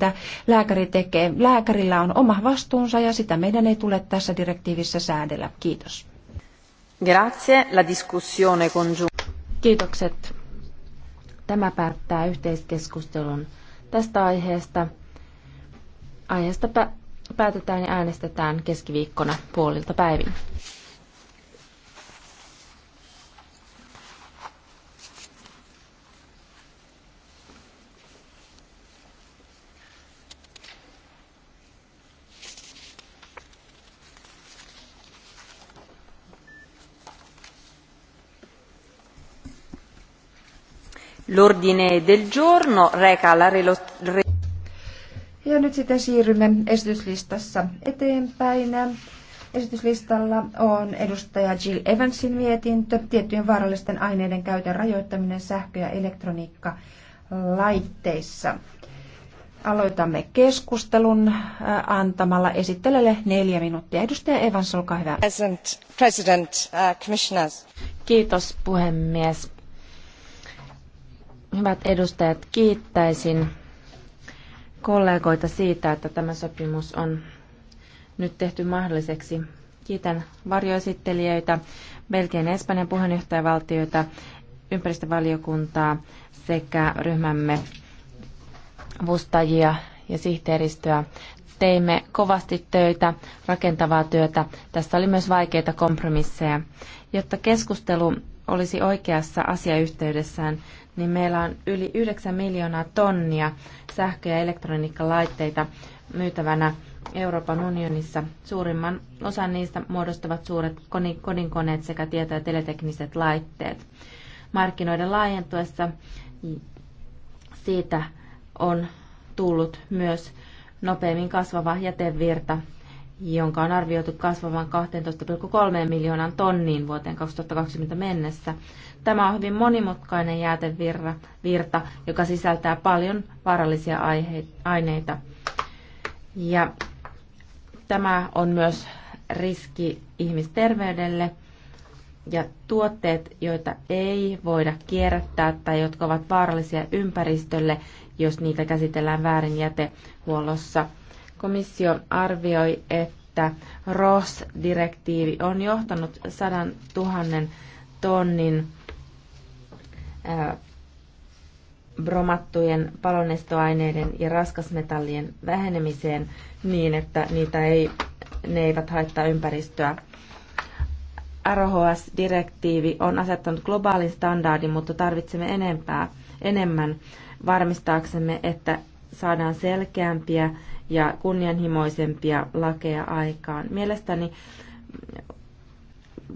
että lääkäri tekee. Lääkärillä on oma vastuunsa ja sitä meidän ei tule tässä direktiivissä säädellä. Kiitos. Grazie. La discussione congiunta. Kiitokset. Tämä päättää yhteiskeskustelun tästä aiheesta. Aiheesta päätetään ja äänestetään keskiviikkona puolilta päivin. L'ordine del giorno reca la ja nyt sitten siirrymme esityslistassa eteenpäin. Esityslistalla on edustaja Jill Evansin mietintö, tiettyjen vaarallisten aineiden käytön rajoittaminen sähkö- ja elektroniikkalaitteissa. Aloitamme keskustelun äh, antamalla esittelylle neljä minuuttia. Edustaja Evans, olkaa hyvä. President, President, uh, Kiitos puhemies Hyvät edustajat, kiittäisin kollegoita siitä, että tämä sopimus on nyt tehty mahdolliseksi. Kiitän varjoesittelijöitä, Belgian ja Espanjan puheenjohtajavaltioita, ympäristövaliokuntaa sekä ryhmämme vustajia ja sihteeristöä. Teimme kovasti töitä, rakentavaa työtä. Tässä oli myös vaikeita kompromisseja. Jotta keskustelu olisi oikeassa asiayhteydessään, niin meillä on yli 9 miljoonaa tonnia sähkö- ja elektroniikkalaitteita myytävänä Euroopan unionissa. Suurimman osan niistä muodostavat suuret kodinkoneet sekä tieto- ja teletekniset laitteet. Markkinoiden laajentuessa siitä on tullut myös nopeimmin kasvava jätevirta, jonka on arvioitu kasvavan 12,3 miljoonan tonniin vuoteen 2020 mennessä. Tämä on hyvin monimutkainen jätevirta, joka sisältää paljon vaarallisia aineita. Ja tämä on myös riski ihmisterveydelle ja tuotteet, joita ei voida kierrättää tai jotka ovat vaarallisia ympäristölle, jos niitä käsitellään väärin jätehuollossa. Komissio arvioi, että ROS-direktiivi on johtanut 100 000 tonnin bromattujen palonestoaineiden ja raskasmetallien vähenemiseen niin, että niitä ei, ne eivät haittaa ympäristöä. ROHS-direktiivi on asettanut globaalin standardin, mutta tarvitsemme enempää, enemmän varmistaaksemme, että saadaan selkeämpiä ja kunnianhimoisempia lakeja aikaan. Mielestäni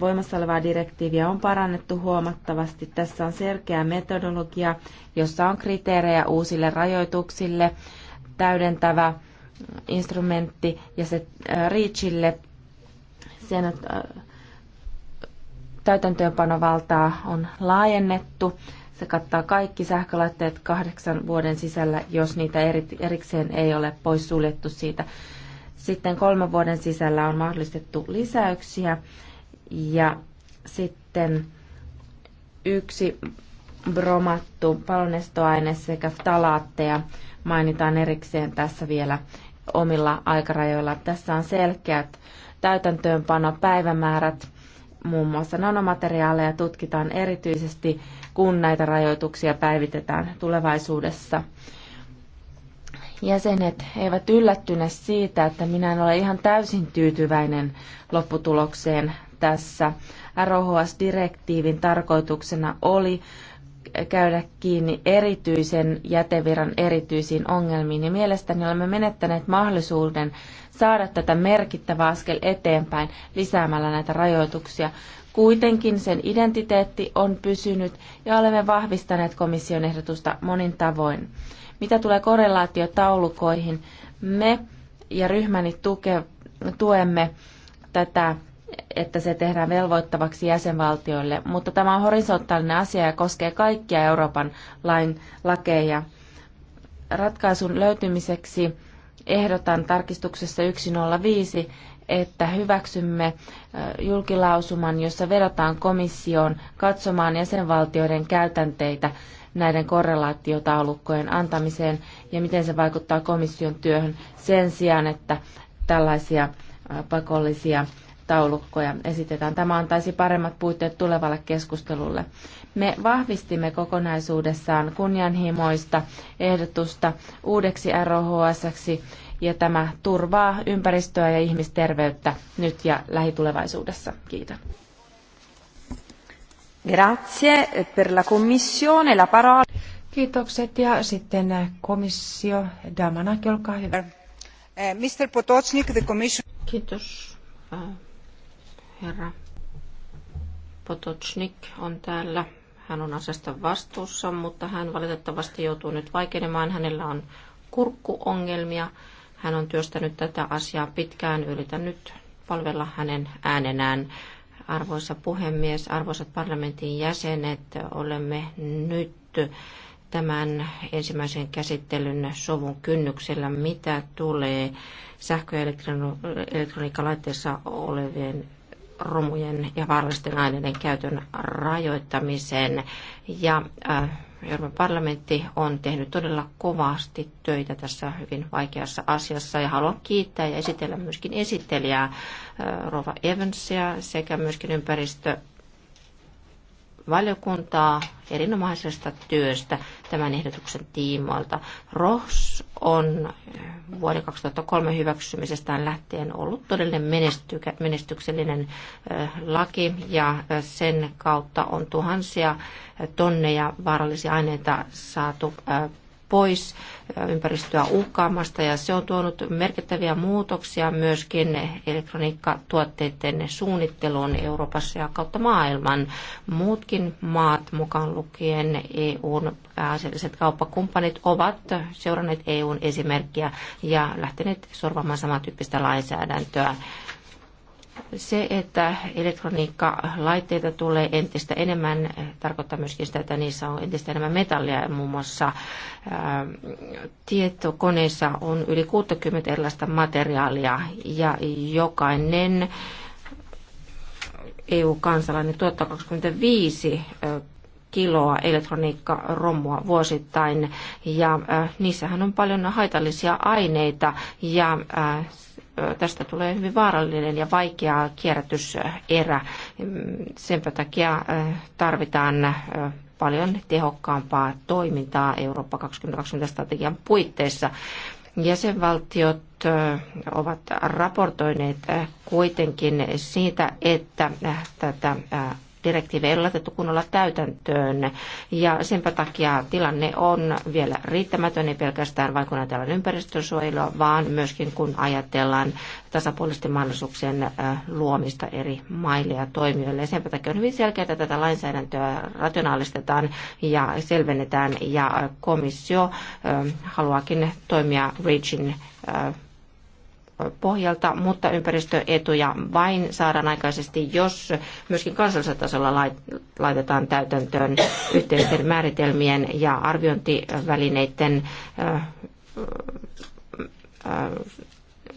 Voimassa olevaa direktiiviä on parannettu huomattavasti. Tässä on selkeä metodologia, jossa on kriteerejä uusille rajoituksille, täydentävä instrumentti ja se äh, REACHille sen äh, täytäntöönpanovaltaa on laajennettu. Se kattaa kaikki sähkölaitteet kahdeksan vuoden sisällä, jos niitä erikseen ei ole poissuljettu siitä. Sitten kolmen vuoden sisällä on mahdollistettu lisäyksiä ja sitten yksi bromattu palonestoaine sekä ftalaatteja mainitaan erikseen tässä vielä omilla aikarajoilla. Tässä on selkeät täytäntöönpanopäivämäärät. Muun muassa nanomateriaaleja tutkitaan erityisesti, kun näitä rajoituksia päivitetään tulevaisuudessa. Jäsenet eivät yllättyneet siitä, että minä en ole ihan täysin tyytyväinen lopputulokseen tässä. ROHS-direktiivin tarkoituksena oli käydä kiinni erityisen jäteviran erityisiin ongelmiin. Ja mielestäni olemme menettäneet mahdollisuuden saada tätä merkittävä askel eteenpäin lisäämällä näitä rajoituksia. Kuitenkin sen identiteetti on pysynyt ja olemme vahvistaneet komission ehdotusta monin tavoin. Mitä tulee korrelaatiotaulukoihin, me ja ryhmäni tuke, tuemme tätä että se tehdään velvoittavaksi jäsenvaltioille, mutta tämä on horisontaalinen asia ja koskee kaikkia Euroopan lain lakeja. Ratkaisun löytymiseksi ehdotan tarkistuksessa 105, että hyväksymme julkilausuman, jossa vedotaan komissioon katsomaan jäsenvaltioiden käytänteitä näiden korrelaatiotaulukkojen antamiseen ja miten se vaikuttaa komission työhön sen sijaan, että tällaisia pakollisia taulukkoja esitetään. Tämä antaisi paremmat puitteet tulevalle keskustelulle. Me vahvistimme kokonaisuudessaan kunnianhimoista ehdotusta uudeksi ROHS ja tämä turvaa ympäristöä ja ihmisterveyttä nyt ja lähitulevaisuudessa. Kiitän. Grazie per la commissione. La parola. Kiitokset ja sitten komissio Damanaki, olkaa hyvä. Eh, Mr. Potocnik, the commission... Kiitos äh, Herra Potocnik on täällä. Hän on asiasta vastuussa, mutta hän valitettavasti joutuu nyt vaikenemaan. Hänellä on kurkkuongelmia. Hän on työstänyt tätä asiaa pitkään. Yritän nyt palvella hänen äänenään. Arvoisa puhemies, arvoisat parlamentin jäsenet, olemme nyt tämän ensimmäisen käsittelyn sovun kynnyksellä, mitä tulee sähkö- ja elektroniikkalaitteessa olevien romujen ja vaarallisten aineiden käytön rajoittamiseen Ja äh, Euroopan parlamentti on tehnyt todella kovasti töitä tässä hyvin vaikeassa asiassa ja haluan kiittää ja esitellä myöskin esittelijää äh, Rova Evansia sekä myöskin ympäristö valiokuntaa erinomaisesta työstä tämän ehdotuksen tiimoilta. ROHS on eh, vuoden 2003 hyväksymisestään lähtien ollut todellinen menestyksellinen eh, laki ja eh, sen kautta on tuhansia tonneja vaarallisia aineita saatu pois ympäristöä uhkaamasta ja se on tuonut merkittäviä muutoksia myöskin elektroniikkatuotteiden suunnitteluun Euroopassa ja kautta maailman. Muutkin maat mukaan lukien EUn pääasialliset kauppakumppanit ovat seuranneet EUn esimerkkiä ja lähteneet sorvaamaan samantyyppistä lainsäädäntöä se, että elektroniikkalaitteita tulee entistä enemmän, tarkoittaa myöskin sitä, että niissä on entistä enemmän metallia. Muun muassa ää, ähm, tietokoneissa on yli 60 erilaista materiaalia ja jokainen EU-kansalainen tuottaa 25 äh, kiloa elektroniikkaromua vuosittain ja ää, äh, niissähän on paljon haitallisia aineita ja ää, äh, tästä tulee hyvin vaarallinen ja vaikea kierrätyserä. Mm, Sen takia tarvitaan paljon tehokkaampaa toimintaa Eurooppa 2020-strategian puitteissa. Jäsenvaltiot ovat raportoineet kuitenkin siitä, että tätä direktiivi ei ole laitettu kunnolla täytäntöön. Ja senpä takia tilanne on vielä riittämätön, ei pelkästään vaikka kun ajatellaan ympäristönsuojelua, vaan myöskin kun ajatellaan tasapuolisten mahdollisuuksien äh, luomista eri maille ja toimijoille. Ja senpä takia on hyvin selkeää, että tätä lainsäädäntöä rationaalistetaan ja selvennetään, ja äh, komissio äh, haluaakin toimia REACHin pohjalta, mutta ympäristöetuja vain saadaan aikaisesti, jos myöskin kansallisella tasolla laitetaan täytäntöön yhteisten määritelmien ja arviointivälineiden äh, äh,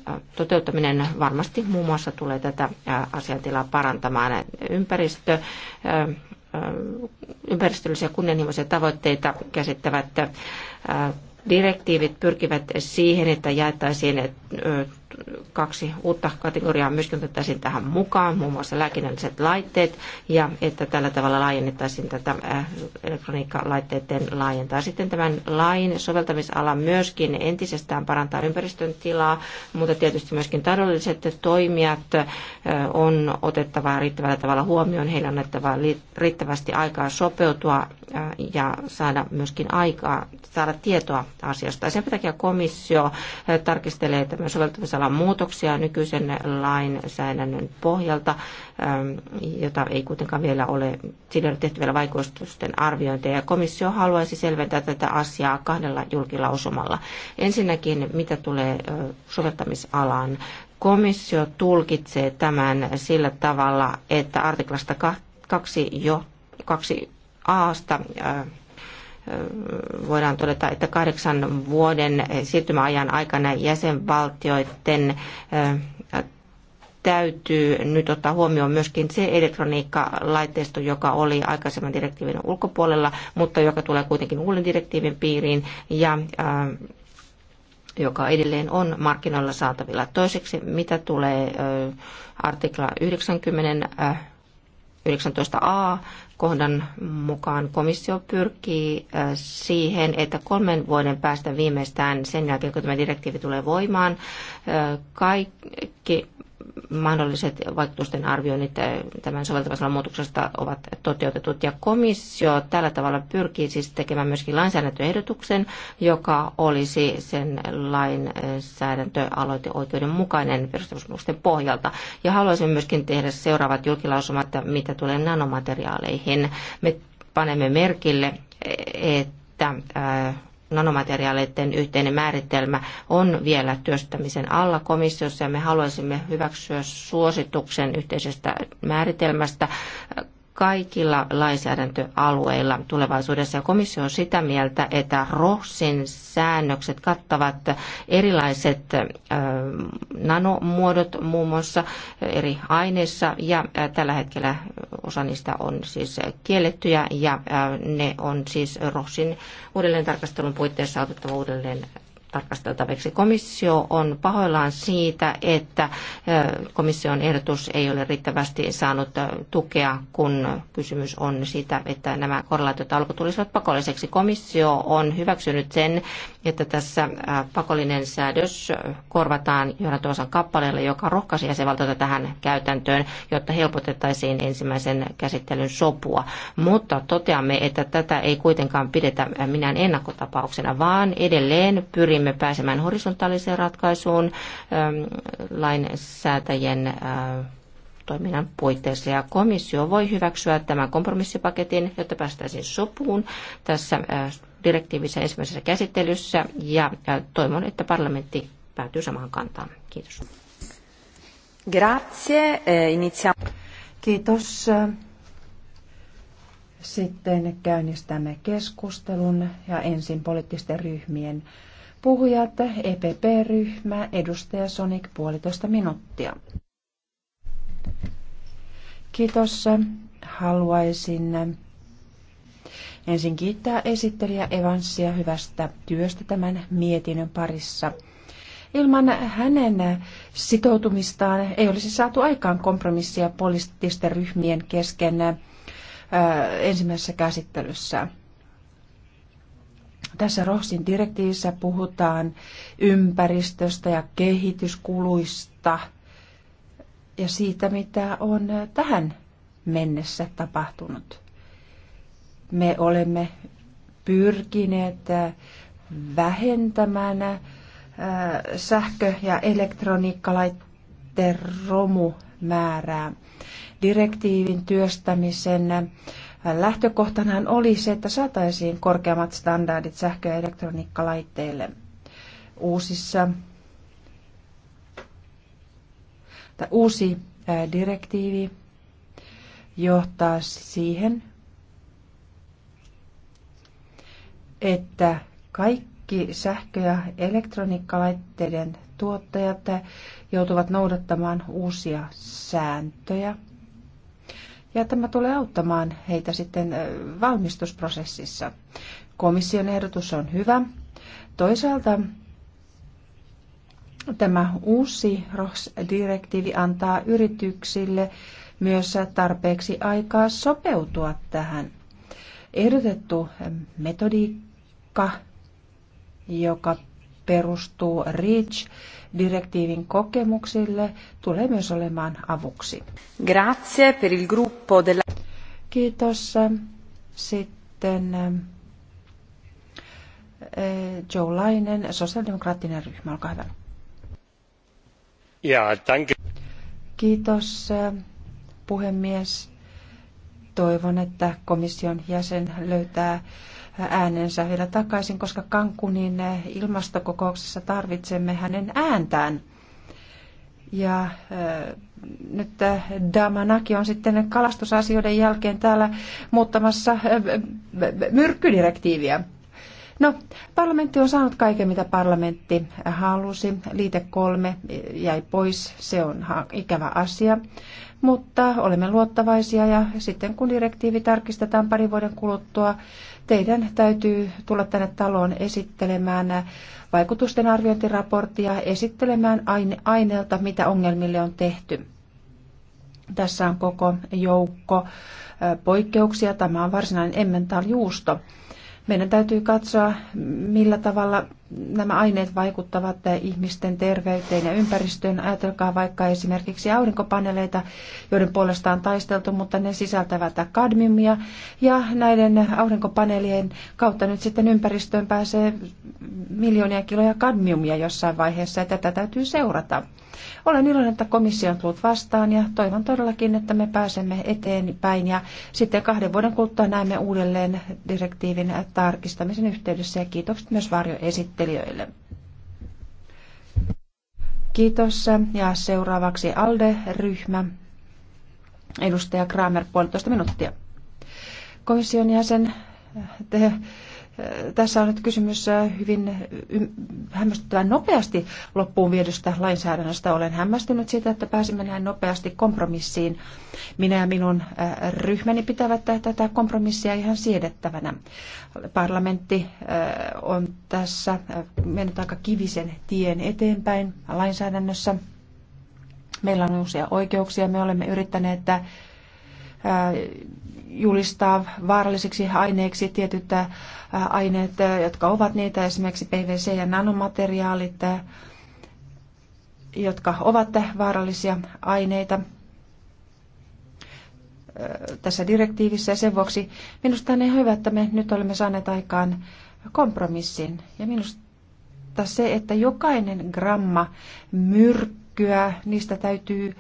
äh, toteuttaminen varmasti muun muassa tulee tätä asiantilaa parantamaan. Ympäristö, ympäristöllisiä kunnianhimoisia tavoitteita käsittävät direktiivit pyrkivät siihen, että jaettaisiin kaksi uutta kategoriaa myöskin otettaisiin tähän mukaan, muun muassa lääkinnälliset laitteet, ja että tällä tavalla laajennettaisiin tätä äh, elektroniikkalaitteiden laajentaa. Sitten tämän lain soveltamisala myöskin entisestään parantaa ympäristön tilaa, mutta tietysti myöskin taloudelliset toimijat äh, on otettava riittävällä tavalla huomioon. Heillä on annettava riittävästi aikaa sopeutua äh, ja saada myöskin aikaa saada tietoa asiasta. ja Sen takia komissio tarkistelee tämän soveltamisalan muut muutoksia nykyisen lainsäädännön pohjalta, ähm, jota ei kuitenkaan vielä ole, sillä ei ole tehty vielä vaikutusten arviointeja. Ja komissio haluaisi selventää tätä asiaa kahdella julkilausumalla. Ensinnäkin, mitä tulee soveltamisalaan, komissio tulkitsee tämän sillä tavalla, että artiklasta 2 jo 2 aasta voidaan todeta, että kahdeksan vuoden siirtymäajan aikana jäsenvaltioiden täytyy nyt ottaa huomioon myöskin se elektroniikkalaitteisto, joka oli aikaisemman direktiivin ulkopuolella, mutta joka tulee kuitenkin uuden direktiivin piiriin ja joka edelleen on markkinoilla saatavilla. Toiseksi, mitä tulee artikla 90 19a kohdan mukaan komissio pyrkii äh, siihen, että kolmen vuoden päästä viimeistään sen jälkeen, kun tämä direktiivi tulee voimaan, äh, kaikki mahdolliset vaikutusten arvioinnit tämän soveltavasta muutoksesta ovat toteutetut. Ja komissio tällä tavalla pyrkii siis tekemään myöskin lainsäädäntöehdotuksen, joka olisi sen lainsäädäntöaloiteoikeuden mukainen perustamusmuusten pohjalta. Ja haluaisin myöskin tehdä seuraavat julkilausumat, mitä tulee nanomateriaaleihin. Me panemme merkille, että että nanomateriaaleiden yhteinen määritelmä on vielä työstämisen alla komissiossa ja me haluaisimme hyväksyä suosituksen yhteisestä määritelmästä kaikilla lainsäädäntöalueilla tulevaisuudessa. Ja komissio on sitä mieltä, että ROHSin säännökset kattavat erilaiset nanomuodot muun muassa eri aineissa ja tällä hetkellä osa niistä on siis kiellettyjä ja ne on siis ROHSin tarkastelun puitteissa otettava uudelleen tarkasteltaviksi. Komissio on pahoillaan siitä, että komission ehdotus ei ole riittävästi saanut tukea, kun kysymys on siitä, että nämä korrelaatiotaulukot tulisivat pakolliseksi. Komissio on hyväksynyt sen, että tässä pakollinen säädös korvataan johdanto-osan kappaleella, joka rohkaisi jäsenvaltiota tähän käytäntöön, jotta helpotettaisiin ensimmäisen käsittelyn sopua. Mutta toteamme, että tätä ei kuitenkaan pidetä minään ennakkotapauksena, vaan edelleen pyrimme pyrimme pääsemään horisontaaliseen ratkaisuun ähm, lainsäätäjien äh, toiminnan puitteissa. Ja komissio voi hyväksyä tämän kompromissipaketin, jotta päästäisiin sopuun tässä äh, direktiivissä ensimmäisessä käsittelyssä. Ja äh, toivon, että parlamentti päätyy samaan kantaan. Kiitos. Grazie. Eh, Iniziamo. Kiitos. Sitten käynnistämme keskustelun ja ensin poliittisten ryhmien puhujat, EPP-ryhmä, edustaja Sonic, puolitoista minuuttia. Kiitos. Haluaisin ensin kiittää esittelijä Evansia hyvästä työstä tämän mietinnön parissa. Ilman hänen sitoutumistaan ei olisi saatu aikaan kompromissia poliittisten ryhmien kesken äh, ensimmäisessä käsittelyssä. Tässä Rohsin direktiivissä puhutaan ympäristöstä ja kehityskuluista ja siitä, mitä on tähän mennessä tapahtunut. Me olemme pyrkineet vähentämään sähkö- ja elektroniikkalaitteen romumäärää. Direktiivin työstämisen Lähtökohtanahan oli se, että saataisiin korkeammat standardit sähkö- ja elektroniikkalaitteille uusissa. Tämä uusi direktiivi johtaa siihen, että kaikki sähkö- ja elektroniikkalaitteiden tuottajat joutuvat noudattamaan uusia sääntöjä – ja tämä tulee auttamaan heitä sitten valmistusprosessissa. Komission ehdotus on hyvä. Toisaalta tämä uusi ROHS-direktiivi antaa yrityksille myös tarpeeksi aikaa sopeutua tähän. Ehdotettu metodiikka, joka perustuu REACH-direktiivin kokemuksille, tulee myös olemaan avuksi. Grazie per il gruppo della... Kiitos. Sitten eh, Joe Lainen, sosiaalidemokraattinen ryhmä, olkaa hyvä. Ja, danke. Kiitos puhemies. Toivon, että komission jäsen löytää äänensä vielä takaisin, koska Kankunin ilmastokokouksessa tarvitsemme hänen ääntään. Ja äh, nyt äh, Damanaki on sitten kalastusasioiden jälkeen täällä muuttamassa äh, myrkkydirektiiviä. No, parlamentti on saanut kaiken, mitä parlamentti halusi. Liite kolme jäi pois, se on ikävä asia. Mutta olemme luottavaisia ja sitten kun direktiivi tarkistetaan pari vuoden kuluttua, teidän täytyy tulla tänne taloon esittelemään vaikutusten arviointiraporttia, esittelemään aine- aineelta, mitä ongelmille on tehty. Tässä on koko joukko poikkeuksia. Tämä on varsinainen emmentaljuusto. juusto meidän täytyy katsoa, millä tavalla nämä aineet vaikuttavat ihmisten terveyteen ja ympäristöön. Ajatelkaa vaikka esimerkiksi aurinkopaneeleita, joiden puolesta on taisteltu, mutta ne sisältävät kadmiumia. Ja näiden aurinkopaneelien kautta nyt sitten ympäristöön pääsee miljoonia kiloja kadmiumia jossain vaiheessa, ja tätä täytyy seurata. Olen iloinen, että komissio on tullut vastaan ja toivon todellakin, että me pääsemme eteenpäin ja sitten kahden vuoden kuluttua näemme uudelleen direktiivin tarkistamisen yhteydessä ja kiitokset myös varjoesittelijä esittelijöille. Kiitos. Ja seuraavaksi ALDE-ryhmä. Edustaja Kramer, puolitoista minuuttia. Komission jäsen, te tässä on nyt kysymys hyvin hämmästyttävän nopeasti loppuun viedystä lainsäädännöstä. Olen hämmästynyt siitä, että pääsimme näin nopeasti kompromissiin. Minä ja minun ryhmäni pitävät tätä kompromissia ihan siedettävänä. Parlamentti on tässä mennyt aika kivisen tien eteenpäin lainsäädännössä. Meillä on uusia oikeuksia. Me olemme yrittäneet julistaa vaarallisiksi aineiksi tietyt aineet, jotka ovat niitä, esimerkiksi PVC ja nanomateriaalit, jotka ovat vaarallisia aineita tässä direktiivissä. Ja sen vuoksi minusta on ihan hyvä, että me nyt olemme saaneet aikaan kompromissin. Ja minusta se, että jokainen gramma myrkkyä, käskyä, niistä täytyy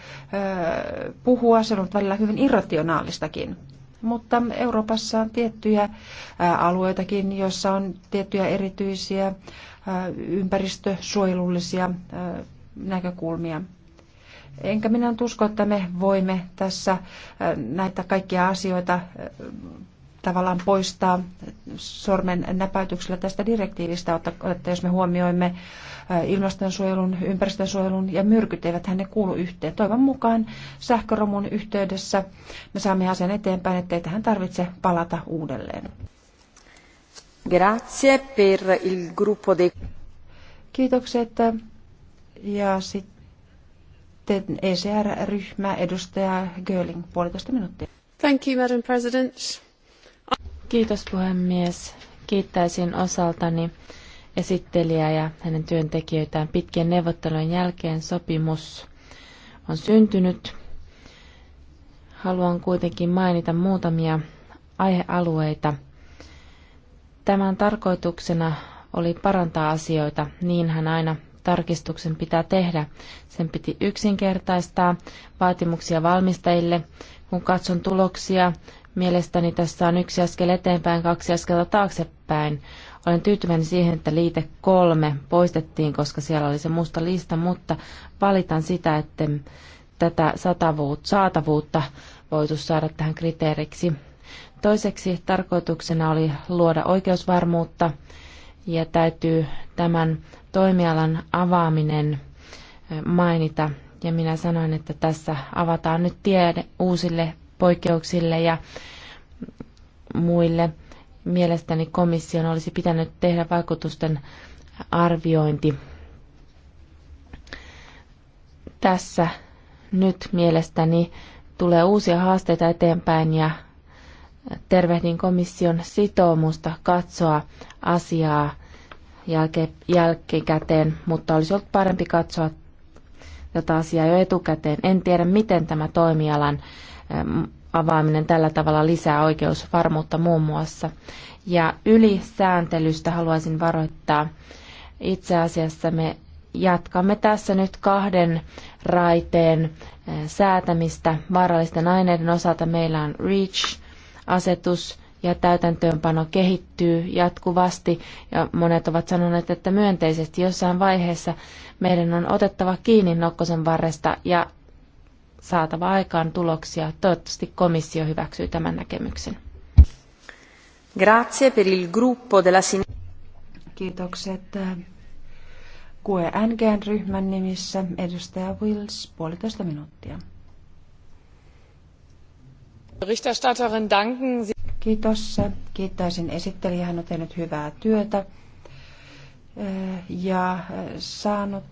puhua, se on välillä hyvin irrationaalistakin. Mutta Euroopassa on tiettyjä alueitakin, joissa on tiettyjä erityisiä ympäristösuojelullisia näkökulmia. Enkä minä nyt usko, että me voimme tässä näitä kaikkia asioita tavallaan poistaa sormen näpäytyksellä tästä direktiivistä, että jos me huomioimme ilmastonsuojelun, ympäristönsuojelun ja myrkyt eivät hänne kuulu yhteen. Toivon mukaan sähköromun yhteydessä me saamme asian eteenpäin, ettei tähän tarvitse palata uudelleen. Grazie per il gruppo dei... Kiitokset. Ja sitten ECR-ryhmä, edustaja Göling, puolitoista minuuttia. Thank you, Madam President. Kiitos puhemies. Kiittäisin osaltani esittelijää ja hänen työntekijöitään. Pitkien neuvottelujen jälkeen sopimus on syntynyt. Haluan kuitenkin mainita muutamia aihealueita. Tämän tarkoituksena oli parantaa asioita, niin hän aina tarkistuksen pitää tehdä. Sen piti yksinkertaistaa vaatimuksia valmistajille. Kun katson tuloksia, mielestäni tässä on yksi askel eteenpäin, kaksi askelta taaksepäin. Olen tyytyväinen siihen, että liite kolme poistettiin, koska siellä oli se musta lista, mutta valitan sitä, että tätä satavuut, saatavuutta voitu saada tähän kriteeriksi. Toiseksi tarkoituksena oli luoda oikeusvarmuutta ja täytyy tämän toimialan avaaminen mainita. Ja minä sanoin, että tässä avataan nyt tie uusille poikkeuksille ja muille Mielestäni komission olisi pitänyt tehdä vaikutusten arviointi tässä nyt mielestäni tulee uusia haasteita eteenpäin ja tervehdin komission sitoumusta katsoa asiaa jälke, jälkikäteen, mutta olisi ollut parempi katsoa tätä asiaa jo etukäteen. En tiedä, miten tämä toimialan avaaminen tällä tavalla lisää oikeusvarmuutta muun muassa. Ja ylisääntelystä haluaisin varoittaa. Itse asiassa me jatkamme tässä nyt kahden raiteen säätämistä vaarallisten aineiden osalta. Meillä on REACH-asetus ja täytäntöönpano kehittyy jatkuvasti ja monet ovat sanoneet, että myönteisesti jossain vaiheessa meidän on otettava kiinni nokkosen varresta ja saatava aikaan tuloksia. Toivottavasti komissio hyväksyy tämän näkemyksen. Grazie per il gruppo della sin- Kiitokset äh, QENG-ryhmän nimissä edustaja Wills, puolitoista minuuttia. Berichterstatterin danken. Kiitos. Kiittäisin esittelijä, hän on tehnyt hyvää työtä äh, ja äh, saanut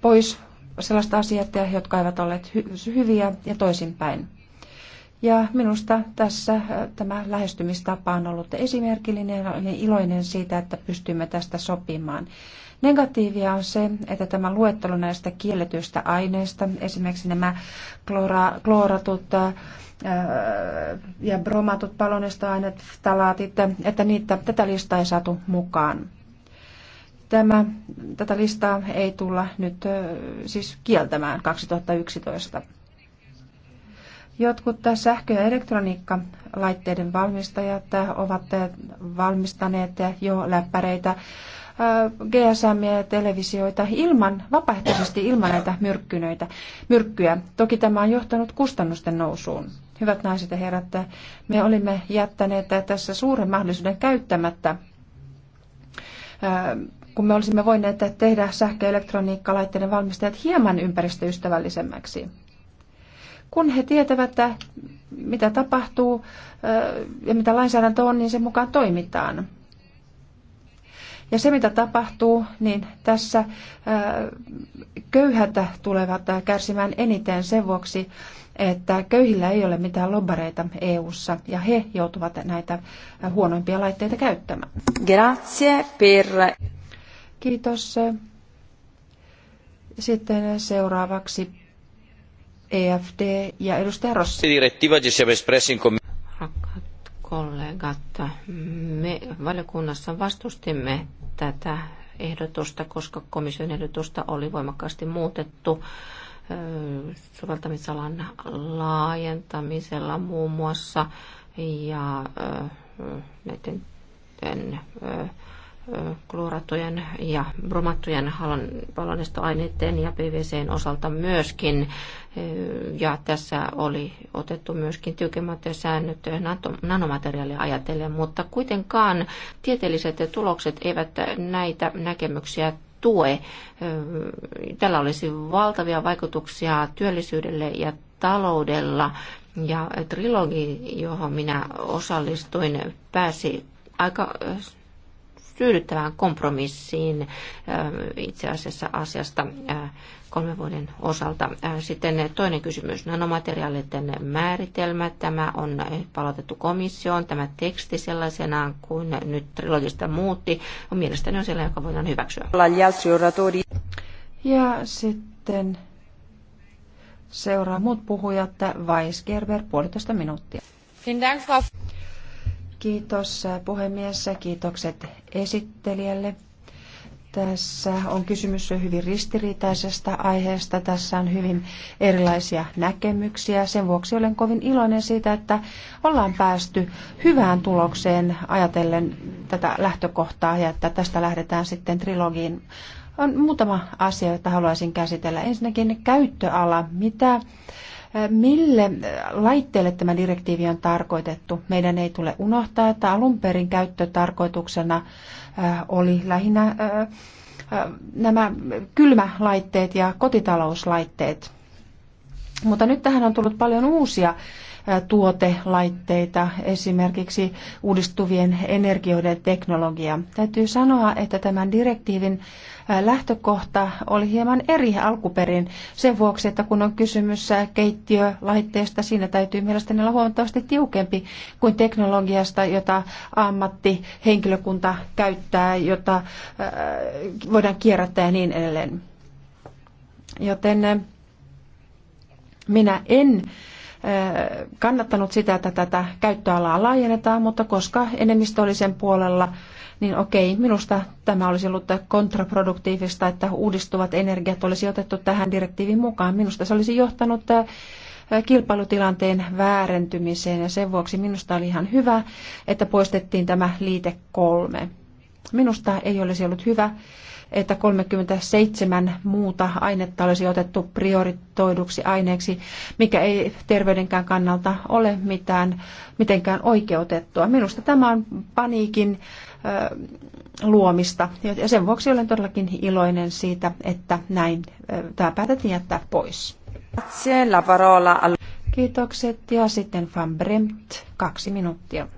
pois sellaista asiat, jotka eivät olleet hy- hyviä ja toisinpäin. Ja minusta tässä äh, tämä lähestymistapa on ollut esimerkillinen ja olen iloinen siitä, että pystymme tästä sopimaan. Negatiivia on se, että tämä luettelo näistä kielletyistä aineista, esimerkiksi nämä klora, klooratut ää, äh, ja bromatut palonesta aineet, talaatit, että niitä, tätä listaa ei saatu mukaan. Tämä, tätä listaa ei tulla nyt siis kieltämään 2011. Jotkut sähkö- ja elektroniikkalaitteiden valmistajat ovat valmistaneet jo läppäreitä, GSM ja televisioita ilman, vapaaehtoisesti ilman näitä myrkkynöitä, myrkkyjä. Toki tämä on johtanut kustannusten nousuun. Hyvät naiset ja herrat, me olimme jättäneet tässä suuren mahdollisuuden käyttämättä kun me olisimme voineet tehdä elektroniikkalaitteiden valmistajat hieman ympäristöystävällisemmäksi. Kun he tietävät, että mitä tapahtuu äh, ja mitä lainsäädäntö on, niin sen mukaan toimitaan. Ja se, mitä tapahtuu, niin tässä äh, köyhät tulevat kärsimään eniten sen vuoksi, että köyhillä ei ole mitään lobbareita EU:ssa ja he joutuvat näitä äh, huonoimpia laitteita käyttämään. Grazie per... Kiitos. Sitten seuraavaksi EFD ja edustaja Rossi. Rakkaat kollegat, me valiokunnassa vastustimme tätä ehdotusta, koska komission ehdotusta oli voimakkaasti muutettu soveltamisalan laajentamisella muun muassa ja näiden, näiden kloratojen ja bromattujen valonestoaineiden ja PVCn osalta myöskin. Ja tässä oli otettu myöskin tiukemmat säännöt nanomateriaalia ajatellen, mutta kuitenkaan tieteelliset tulokset eivät näitä näkemyksiä tue. Tällä olisi valtavia vaikutuksia työllisyydelle ja taloudella. Ja trilogi, johon minä osallistuin, pääsi aika tyydyttävään kompromissiin itse asiassa asiasta kolmen vuoden osalta. Sitten toinen kysymys, nanomateriaalien määritelmä. Tämä on palautettu komissioon. Tämä teksti sellaisenaan kuin nyt trilogista muutti on mielestäni on sellainen, joka voidaan hyväksyä. Ja sitten seuraa muut puhujat. Weisgerber, puolitoista minuuttia. Kiitos puhemies. Kiitokset esittelijälle. Tässä on kysymys hyvin ristiriitaisesta aiheesta. Tässä on hyvin erilaisia näkemyksiä. Sen vuoksi olen kovin iloinen siitä, että ollaan päästy hyvään tulokseen ajatellen tätä lähtökohtaa ja että tästä lähdetään sitten trilogiin. On muutama asia, jota haluaisin käsitellä. Ensinnäkin käyttöala. Mitä Mille laitteelle tämä direktiivi on tarkoitettu? Meidän ei tule unohtaa, että alun perin käyttötarkoituksena äh, oli lähinnä äh, äh, nämä kylmälaitteet ja kotitalouslaitteet. Mutta nyt tähän on tullut paljon uusia tuotelaitteita, esimerkiksi uudistuvien energioiden teknologia. Täytyy sanoa, että tämän direktiivin lähtökohta oli hieman eri alkuperin sen vuoksi, että kun on kysymys keittiölaitteesta, siinä täytyy mielestäni olla huomattavasti tiukempi kuin teknologiasta, jota ammattihenkilökunta käyttää, jota voidaan kierrättää ja niin edelleen. Joten minä en kannattanut sitä, että tätä käyttöalaa laajennetaan, mutta koska enemmistö oli sen puolella, niin okei, minusta tämä olisi ollut kontraproduktiivista, että uudistuvat energiat olisi otettu tähän direktiivin mukaan. Minusta se olisi johtanut äh, kilpailutilanteen väärentymiseen ja sen vuoksi minusta oli ihan hyvä, että poistettiin tämä liite kolme. Minusta ei olisi ollut hyvä, että 37 muuta ainetta olisi otettu prioritoiduksi aineeksi, mikä ei terveydenkään kannalta ole mitään, mitenkään oikeutettua. Minusta tämä on paniikin luomista. Ja sen vuoksi olen todellakin iloinen siitä, että näin tämä päätettiin jättää pois. Kiitokset ja sitten Van Bremt, kaksi minuuttia.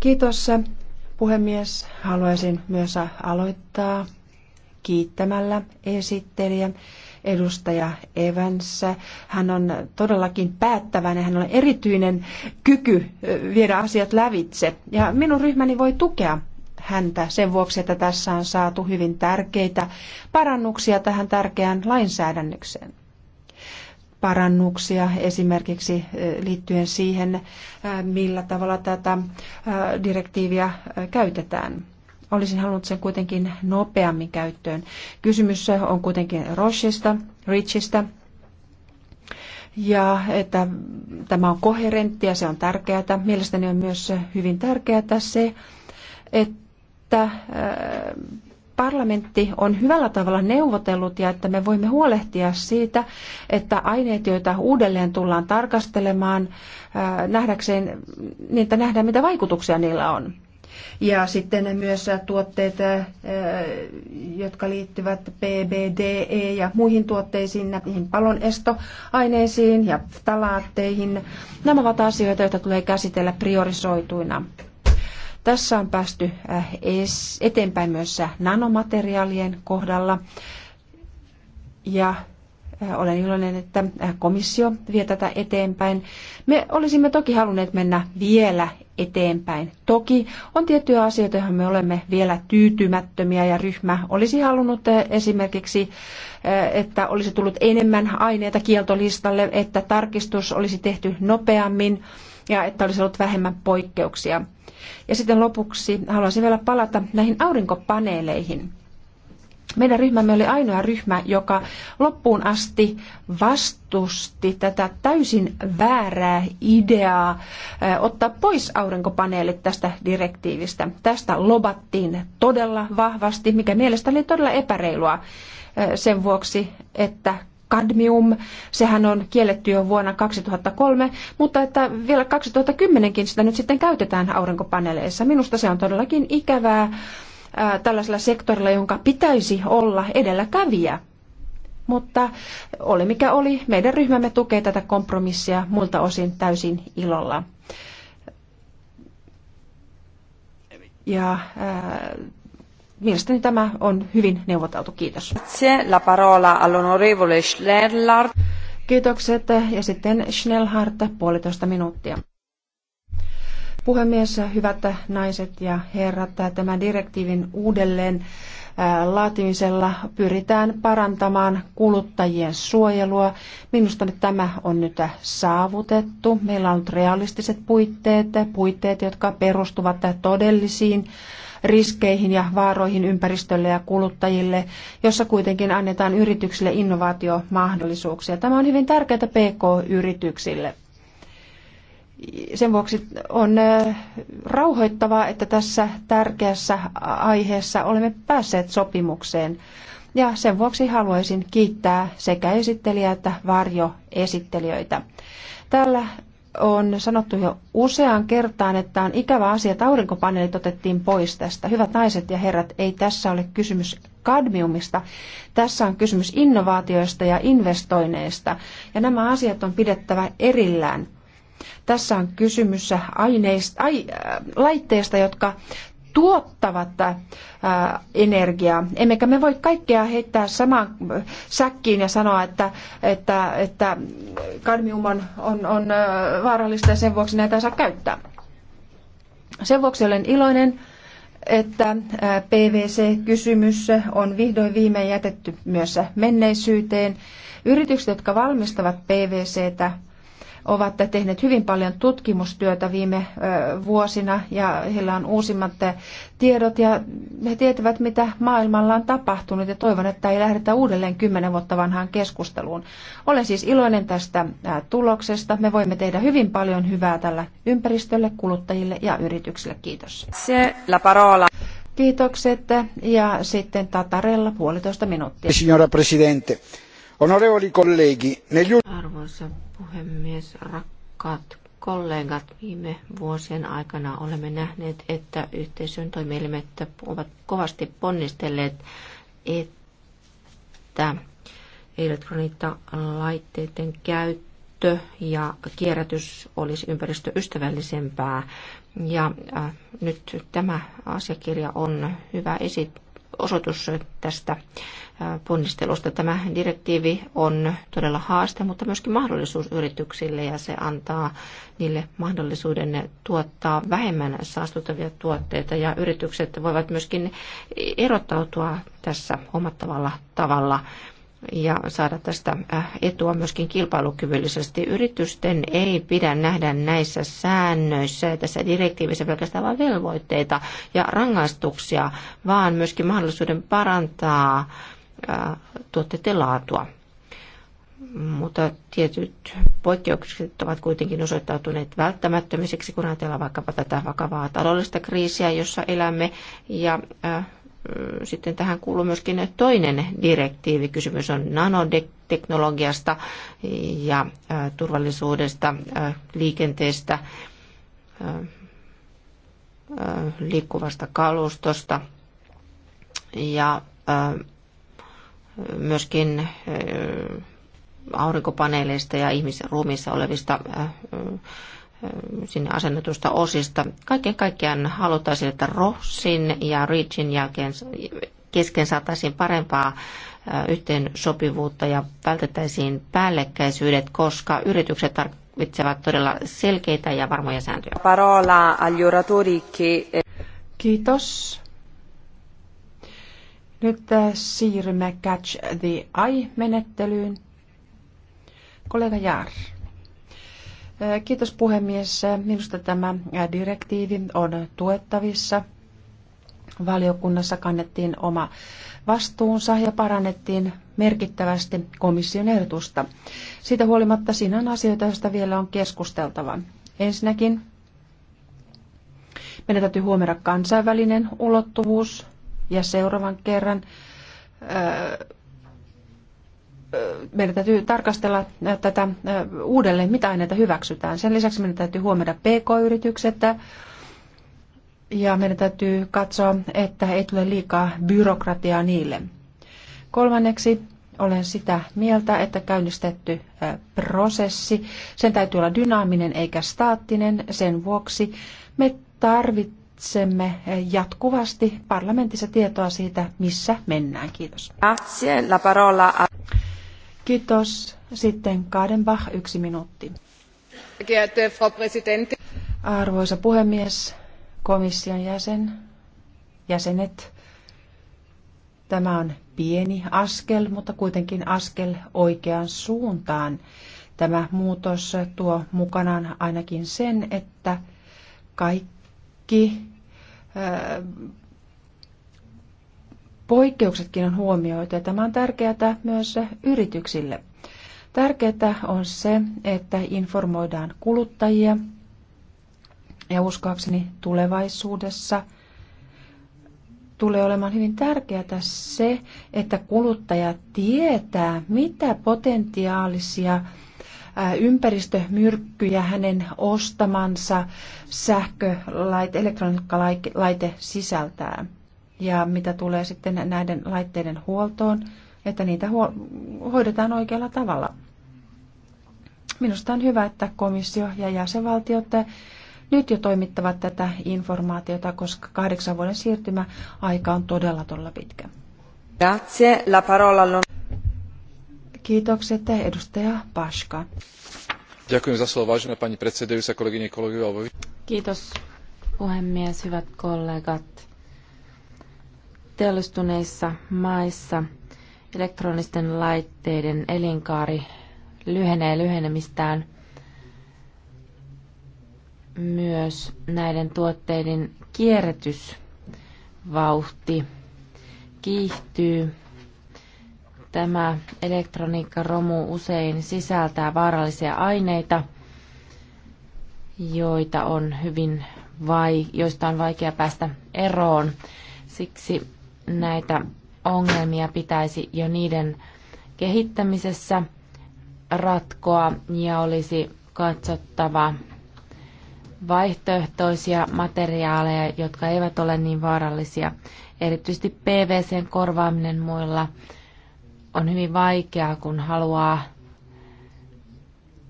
Kiitos puhemies. Haluaisin myös aloittaa kiittämällä esittelijä edustaja Evans. Hän on todellakin päättäväinen, hän on erityinen kyky viedä asiat lävitse. Ja minun ryhmäni voi tukea häntä sen vuoksi, että tässä on saatu hyvin tärkeitä parannuksia tähän tärkeään lainsäädännökseen. Parannuksia esimerkiksi liittyen siihen, millä tavalla tätä direktiiviä käytetään. Olisin halunnut sen kuitenkin nopeammin käyttöön. Kysymys on kuitenkin Rochesta, Richistä, ja että tämä on koherentti ja se on tärkeää. Mielestäni on myös hyvin tärkeää se, että äh, parlamentti on hyvällä tavalla neuvotellut ja että me voimme huolehtia siitä, että aineet, joita uudelleen tullaan tarkastelemaan, äh, nähdäkseen, niin että nähdään mitä vaikutuksia niillä on. Ja sitten myös tuotteet, äh, jotka liittyvät PBDE ja muihin tuotteisiin, näihin palonestoaineisiin ja talaatteihin. Nämä ovat asioita, joita tulee käsitellä priorisoituina. Tässä on päästy äh, eteenpäin myös nanomateriaalien kohdalla. Ja olen iloinen, että komissio vie tätä eteenpäin. Me olisimme toki halunneet mennä vielä eteenpäin. Toki on tiettyjä asioita, joihin me olemme vielä tyytymättömiä ja ryhmä olisi halunnut eh, esimerkiksi, eh, että olisi tullut enemmän aineita kieltolistalle, että tarkistus olisi tehty nopeammin ja että olisi ollut vähemmän poikkeuksia. Ja sitten lopuksi haluaisin vielä palata näihin aurinkopaneeleihin. Meidän ryhmämme oli ainoa ryhmä, joka loppuun asti vastusti tätä täysin väärää ideaa ottaa pois aurinkopaneelit tästä direktiivistä. Tästä lobattiin todella vahvasti, mikä mielestäni oli todella epäreilua sen vuoksi, että kadmium, sehän on kielletty jo vuonna 2003, mutta että vielä 2010kin sitä nyt sitten käytetään aurinkopaneeleissa. Minusta se on todellakin ikävää tällaisella sektorilla, jonka pitäisi olla edelläkävijä. Mutta oli mikä oli, meidän ryhmämme tukee tätä kompromissia muilta osin täysin ilolla. Ja ää, mielestäni tämä on hyvin neuvoteltu. Kiitos. La parola all'onorevole Schnellhardt. Kiitokset ja sitten Schnellhardt puolitoista minuuttia. Puhemies, hyvät naiset ja herrat, tämän direktiivin uudelleen laatimisella pyritään parantamaan kuluttajien suojelua. Minusta tämä on nyt saavutettu. Meillä on nyt realistiset puitteet, puitteet, jotka perustuvat todellisiin riskeihin ja vaaroihin ympäristölle ja kuluttajille, jossa kuitenkin annetaan yrityksille innovaatiomahdollisuuksia. Tämä on hyvin tärkeää PK-yrityksille sen vuoksi on rauhoittavaa, että tässä tärkeässä aiheessa olemme päässeet sopimukseen. Ja sen vuoksi haluaisin kiittää sekä esittelijää että varjoesittelijöitä. Täällä on sanottu jo useaan kertaan, että on ikävä asia, että aurinkopaneelit otettiin pois tästä. Hyvät naiset ja herrat, ei tässä ole kysymys kadmiumista. Tässä on kysymys innovaatioista ja investoinneista. Ja nämä asiat on pidettävä erillään. Tässä on kysymys aineista, ai, äh, laitteista, jotka tuottavat äh, energiaa. Emmekä me voi kaikkea heittää samaan äh, säkkiin ja sanoa, että, että, että kadmium on, on, on vaarallista ja sen vuoksi näitä ei saa käyttää. Sen vuoksi olen iloinen, että PVC-kysymys on vihdoin viimein jätetty myös menneisyyteen. Yritykset, jotka valmistavat PVCtä, ovat tehneet hyvin paljon tutkimustyötä viime vuosina ja heillä on uusimmat tiedot ja he tietävät, mitä maailmalla on tapahtunut ja toivon, että ei lähdetä uudelleen kymmenen vuotta vanhaan keskusteluun. Olen siis iloinen tästä tuloksesta. Me voimme tehdä hyvin paljon hyvää tällä ympäristölle, kuluttajille ja yrityksille. Kiitos. Se la parola. Kiitokset ja sitten Tatarella puolitoista minuuttia. Signora Presidente. Onorevoli colleghi, negli... Arvoisa puhemies, rakkaat kollegat, viime vuosien aikana olemme nähneet, että yhteisön toimielimet ovat kovasti ponnistelleet, että elektroniikkalaitteiden käyttö ja kierrätys olisi ympäristöystävällisempää. Ja äh, nyt tämä asiakirja on hyvä esitys osoitus tästä ponnistelusta. Tämä direktiivi on todella haaste, mutta myöskin mahdollisuus yrityksille ja se antaa niille mahdollisuuden tuottaa vähemmän saastuttavia tuotteita ja yritykset voivat myöskin erottautua tässä omattavalla tavalla. tavalla ja saada tästä äh, etua myöskin kilpailukyvyllisesti. Yritysten ei pidä nähdä näissä säännöissä ja tässä direktiivissä pelkästään vain velvoitteita ja rangaistuksia, vaan myöskin mahdollisuuden parantaa äh, tuotteiden laatua. Mutta tietyt poikkeukset ovat kuitenkin osoittautuneet välttämättömiseksi, kun ajatellaan vaikkapa tätä vakavaa taloudellista kriisiä, jossa elämme, ja äh, sitten tähän kuuluu myöskin toinen direktiivi. Kysymys on nanoteknologiasta ja turvallisuudesta, liikenteestä, liikkuvasta kalustosta ja myöskin aurinkopaneeleista ja ihmisen ruumiissa olevista sinne asennetusta osista. Kaiken kaikkiaan haluttaisiin, että ROHSin ja REACHin jälkeen kesken saataisiin parempaa yhteensopivuutta ja vältettäisiin päällekkäisyydet, koska yritykset tarvitsevat todella selkeitä ja varmoja sääntöjä. Parola agli oratori che... Kiitos. Nyt äh, siirrymme Catch the Eye-menettelyyn. Kollega Jaar. Kiitos puhemies. Minusta tämä direktiivi on tuettavissa. Valiokunnassa kannettiin oma vastuunsa ja parannettiin merkittävästi komission ehdotusta. Siitä huolimatta siinä on asioita, joista vielä on keskusteltava. Ensinnäkin meidän täytyy huomioida kansainvälinen ulottuvuus ja seuraavan kerran meidän täytyy tarkastella tätä uudelleen, mitä aineita hyväksytään. Sen lisäksi meidän täytyy huomioida PK-yritykset ja meidän täytyy katsoa, että ei tule liikaa byrokratiaa niille. Kolmanneksi olen sitä mieltä, että käynnistetty prosessi, sen täytyy olla dynaaminen eikä staattinen. Sen vuoksi me tarvitsemme jatkuvasti parlamentissa tietoa siitä, missä mennään. Kiitos. Grazie, la parola. Kiitos. Sitten Kadenbach, yksi minuutti. Arvoisa puhemies, komission jäsen, jäsenet, tämä on pieni askel, mutta kuitenkin askel oikeaan suuntaan. Tämä muutos tuo mukanaan ainakin sen, että kaikki poikkeuksetkin on huomioitu ja tämä on tärkeää myös yrityksille. Tärkeää on se, että informoidaan kuluttajia ja uskoakseni tulevaisuudessa tulee olemaan hyvin tärkeää se, että kuluttaja tietää, mitä potentiaalisia ympäristömyrkkyjä hänen ostamansa sähkölaite, elektroniikkalaite sisältää ja mitä tulee sitten näiden laitteiden huoltoon, että niitä hoidetaan oikealla tavalla. Minusta on hyvä, että komissio ja jäsenvaltiot nyt jo toimittavat tätä informaatiota, koska kahdeksan vuoden siirtymä aika on todella todella pitkä. Grazie, la parola Kiitokset, edustaja Paska. Ďakujem za slovo, vážená pani predsedajúca, kolegyne, Kiitos, puhemies, hyvät kollegat teollistuneissa maissa elektronisten laitteiden elinkaari lyhenee lyhenemistään myös näiden tuotteiden kierrätysvauhti kiihtyy. Tämä elektroniikkaromu usein sisältää vaarallisia aineita, joita on hyvin vai, joista on vaikea päästä eroon. Siksi näitä ongelmia pitäisi jo niiden kehittämisessä ratkoa ja olisi katsottava vaihtoehtoisia materiaaleja, jotka eivät ole niin vaarallisia. Erityisesti PVCn korvaaminen muilla on hyvin vaikeaa, kun haluaa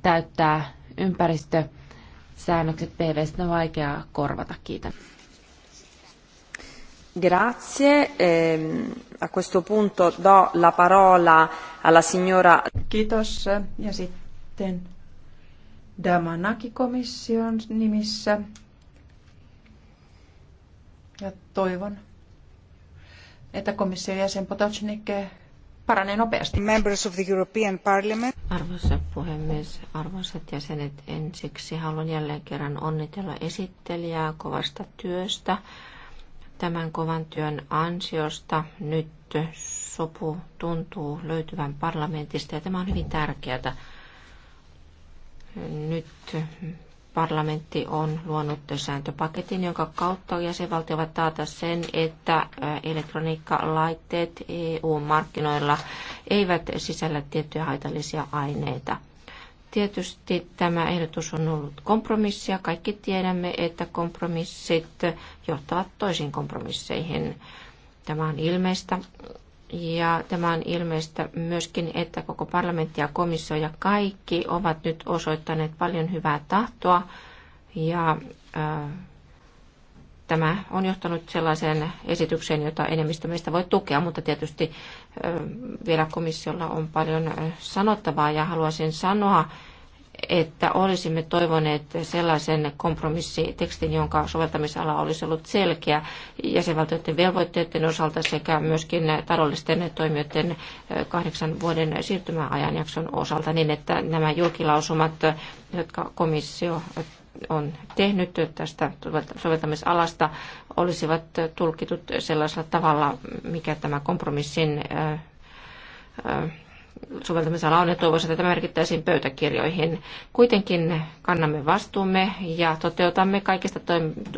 täyttää ympäristösäännökset. PVC on vaikeaa korvata. Kiitän. Grazie. Ehm, a questo punto do la parola alla signora... Kiitos. Ja sitten Damanaki-komission nimissä. Ja toivon, että komission jäsen Potocnik paranee nopeasti. Members of the European Parliament. Arvoisa puhemies, arvoisat jäsenet, ensiksi haluan jälleen kerran onnitella esittelijää kovasta työstä Tämän kovan työn ansiosta nyt sopu tuntuu löytyvän parlamentista ja tämä on hyvin tärkeää. Nyt parlamentti on luonut sääntöpaketin, jonka kautta jäsenvaltio ovat taata sen, että elektroniikkalaitteet EU-markkinoilla eivät sisällä tiettyjä haitallisia aineita. Tietysti tämä ehdotus on ollut kompromissi ja kaikki tiedämme, että kompromissit johtavat toisiin kompromisseihin. Tämä on ilmeistä. Ja tämä on ilmeistä myöskin, että koko parlamentti ja komissio ja kaikki ovat nyt osoittaneet paljon hyvää tahtoa ja äh, Tämä on johtanut sellaiseen esitykseen, jota enemmistö meistä voi tukea, mutta tietysti vielä komissiolla on paljon sanottavaa ja haluaisin sanoa, että olisimme toivoneet sellaisen kompromissitekstin, jonka soveltamisala olisi ollut selkeä jäsenvaltioiden velvoitteiden osalta sekä myöskin taloudellisten toimijoiden kahdeksan vuoden siirtymäajanjakson osalta, niin että nämä julkilausumat, jotka komissio on tehnyt tästä soveltamisalasta, olisivat tulkitut sellaisella tavalla, mikä tämä kompromissin soveltamisala on ja toivoisin, että tämä merkittäisiin pöytäkirjoihin. Kuitenkin kannamme vastuumme ja toteutamme kaikista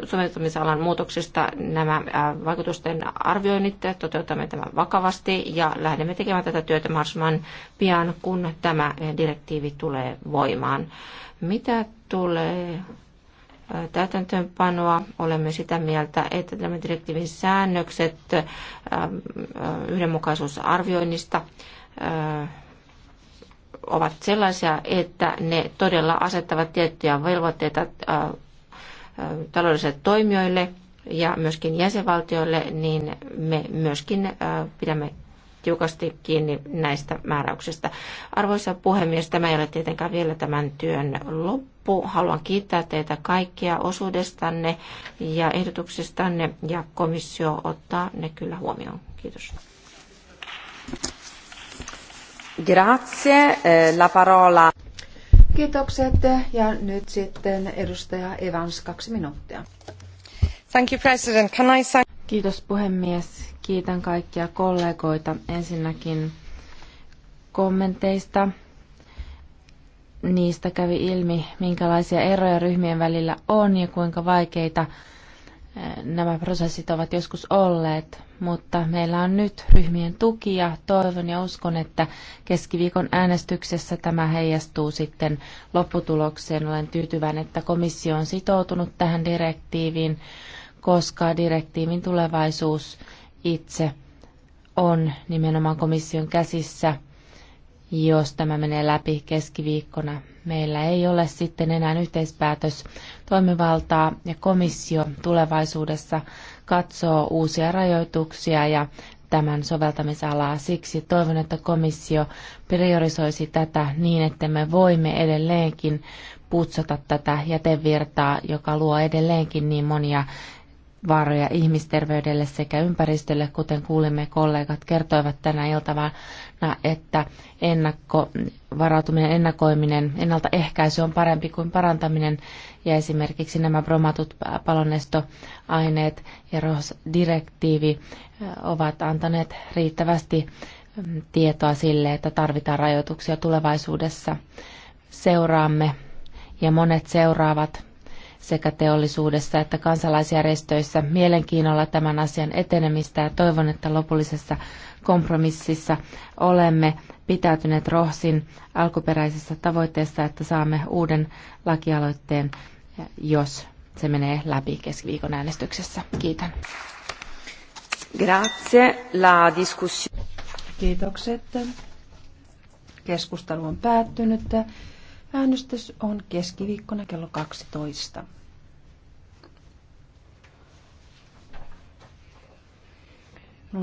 soveltamisalan muutoksista nämä vaikutusten arvioinnit, toteutamme tämän vakavasti ja lähdemme tekemään tätä työtä mahdollisimman pian, kun tämä direktiivi tulee voimaan. Mitä tulee täytäntöönpanoa. Olemme sitä mieltä, että tämän direktiivin säännökset yhdenmukaisuusarvioinnista ovat sellaisia, että ne todella asettavat tiettyjä velvoitteita taloudellisille toimijoille ja myöskin jäsenvaltioille, niin me myöskin pidämme tiukasti kiinni näistä määräyksistä. Arvoisa puhemies, tämä ei ole tietenkään vielä tämän työn loppu. Haluan kiittää teitä kaikkia osuudestanne ja ehdotuksistanne ja komissio ottaa ne kyllä huomioon. Kiitos. Grazie. Eh, la parola. Kiitokset. Ja nyt sitten edustaja Evans, kaksi minuuttia. Thank you, President. Can I... say Kiitos puhemies Kiitän kaikkia kollegoita ensinnäkin kommenteista. Niistä kävi ilmi, minkälaisia eroja ryhmien välillä on ja kuinka vaikeita eh, nämä prosessit ovat joskus olleet, mutta meillä on nyt ryhmien tuki ja toivon ja uskon, että keskiviikon äänestyksessä tämä heijastuu sitten lopputulokseen. Olen tyytyväinen, että komissio on sitoutunut tähän direktiiviin, koska direktiivin tulevaisuus itse on nimenomaan komission käsissä, jos tämä menee läpi keskiviikkona. Meillä ei ole sitten enää yhteispäätös toimivaltaa ja komissio tulevaisuudessa katsoo uusia rajoituksia ja tämän soveltamisalaa. Siksi toivon, että komissio priorisoisi tätä niin, että me voimme edelleenkin putsata tätä jätevirtaa, joka luo edelleenkin niin monia vaaroja ihmisterveydelle sekä ympäristölle, kuten kuulimme kollegat kertoivat tänä iltavana, että ennakko, varautuminen, ennakoiminen, ennaltaehkäisy on parempi kuin parantaminen ja esimerkiksi nämä bromatut palonestoaineet ja ROS-direktiivi äh, ovat antaneet riittävästi mm, tietoa sille, että tarvitaan rajoituksia tulevaisuudessa. Seuraamme ja monet seuraavat sekä teollisuudessa että kansalaisjärjestöissä mielenkiinnolla tämän asian etenemistä ja toivon, että lopullisessa kompromississa olemme pitäytyneet Rohsin alkuperäisessä tavoitteessa, että saamme uuden lakialoitteen, jos se menee läpi keskiviikon äänestyksessä. Kiitän. Grazie. La discussio... Kiitokset. Keskustelu on päättynyt. Äänestys on keskiviikkona kello 12.